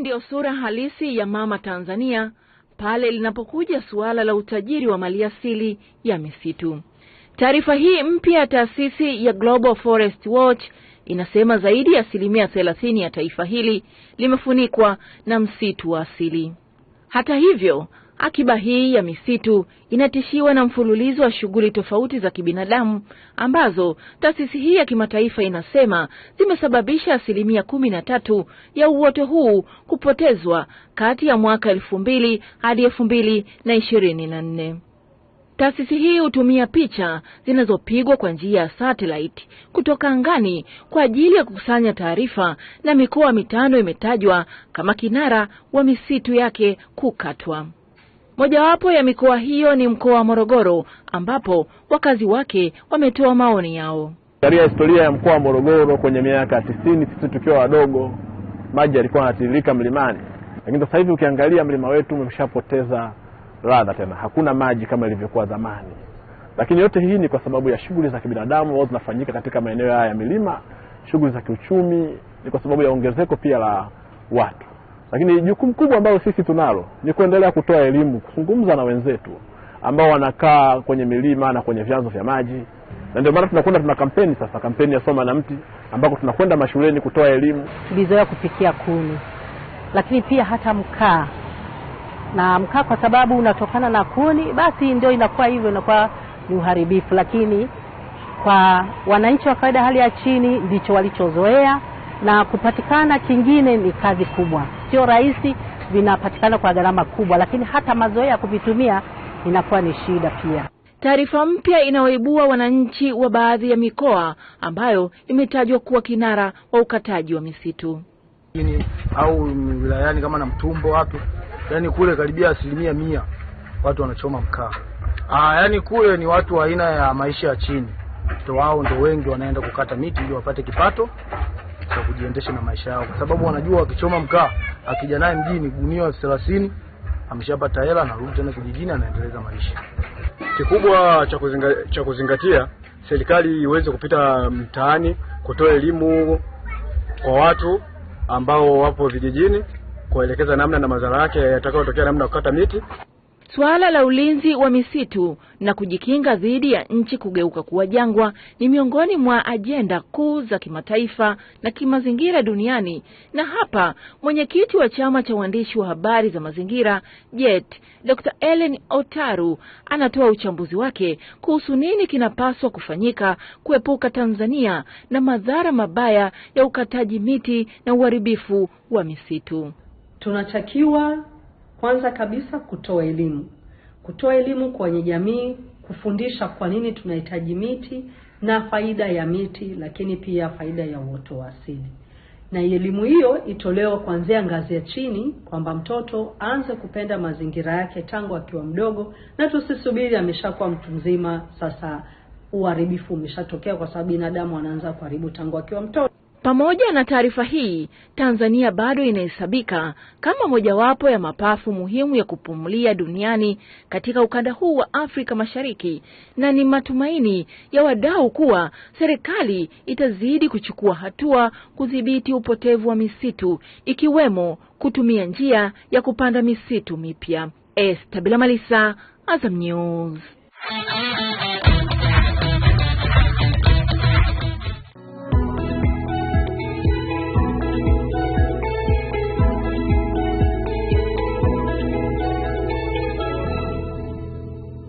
ndiyo sura halisi ya mama Tanzania pale linapokuja suala la utajiri wa maliasili ya misitu. Taarifa hii mpya ya taasisi ya Global Forest Watch inasema zaidi ya asilimia thelathini ya taifa hili limefunikwa na msitu wa asili. Hata hivyo, Akiba hii ya misitu inatishiwa na mfululizo wa shughuli tofauti za kibinadamu ambazo taasisi hii ya kimataifa inasema zimesababisha asilimia kumi na tatu ya uoto huu kupotezwa kati ya mwaka elfu mbili hadi elfu mbili na ishirini na nne. Taasisi hii hutumia picha zinazopigwa kwa njia ya satellite kutoka angani kwa ajili ya kukusanya taarifa, na mikoa mitano imetajwa kama kinara wa misitu yake kukatwa. Mojawapo ya mikoa hiyo ni mkoa wa Morogoro ambapo wakazi wake wametoa maoni yao. Katika historia ya mkoa wa Morogoro kwenye miaka tisini, sisi tukiwa wadogo maji yalikuwa yanatiririka mlimani, lakini sasa hivi ukiangalia mlima wetu umeshapoteza ladha, tena hakuna maji kama ilivyokuwa zamani. Lakini yote hii ni kwa sababu ya shughuli za kibinadamu ambazo zinafanyika katika maeneo haya ya milima, shughuli za kiuchumi, ni kwa sababu ya ongezeko pia la watu. Lakini jukumu kubwa ambalo sisi tunalo ni kuendelea kutoa elimu, kuzungumza na wenzetu ambao wanakaa kwenye milima na kwenye vyanzo vya maji, na ndio maana tunakwenda tuna kampeni sasa, kampeni ya Soma na Mti, ambako tunakwenda mashuleni kutoa elimu. Tulizoea kupikia kuni, lakini pia hata mkaa na mkaa, kwa sababu unatokana na kuni, basi ndio inakuwa hivyo, inakuwa ni uharibifu, lakini kwa wananchi wa kawaida, hali ya chini, ndicho walichozoea na kupatikana kingine ni kazi kubwa sio rahisi, vinapatikana kwa gharama kubwa, lakini hata mazoea ya kuvitumia inakuwa ni shida pia. Taarifa mpya inaoibua wananchi wa baadhi ya mikoa ambayo imetajwa kuwa kinara wa ukataji wa misitu au wilayani kama na mtumbo watu yani kule karibia asilimia mia watu wanachoma mkaa. Ah, yani kule ni watu wa aina ya maisha ya chini, to wao ndio wengi wanaenda kukata miti ili wapate kipato cha kujiendesha na maisha yao, kwa sababu wanajua wakichoma mkaa akija naye mjini gunia thelathini ameshapata hela, anarudi tena kijijini, anaendeleza maisha. Kikubwa cha kuzinga, cha kuzingatia serikali iweze kupita mtaani kutoa elimu kwa watu ambao wapo vijijini, kuelekeza namna na madhara yake yatakayotokea, namna ya kukata miti. Suala la ulinzi wa misitu na kujikinga dhidi ya nchi kugeuka kuwa jangwa ni miongoni mwa ajenda kuu za kimataifa na kimazingira duniani, na hapa mwenyekiti wa chama cha uandishi wa habari za mazingira JET, Dr. Ellen Otaru anatoa uchambuzi wake kuhusu nini kinapaswa kufanyika kuepuka Tanzania na madhara mabaya ya ukataji miti na uharibifu wa misitu. Tunatakiwa kwanza kabisa kutoa elimu, kutoa elimu kwenye jamii, kufundisha kwa nini tunahitaji miti na faida ya miti, lakini pia faida ya uoto wa asili. Na elimu hiyo itolewe kuanzia ngazi ya chini, kwamba mtoto aanze kupenda mazingira yake tangu akiwa mdogo, na tusisubiri ameshakuwa mtu mzima, sasa uharibifu umeshatokea, kwa sababu binadamu anaanza kuharibu tangu akiwa mtoto. Pamoja na taarifa hii, Tanzania bado inahesabika kama mojawapo ya mapafu muhimu ya kupumulia duniani katika ukanda huu wa Afrika Mashariki, na ni matumaini ya wadau kuwa serikali itazidi kuchukua hatua kudhibiti upotevu wa misitu ikiwemo kutumia njia ya kupanda misitu mipya. malisa Azam News.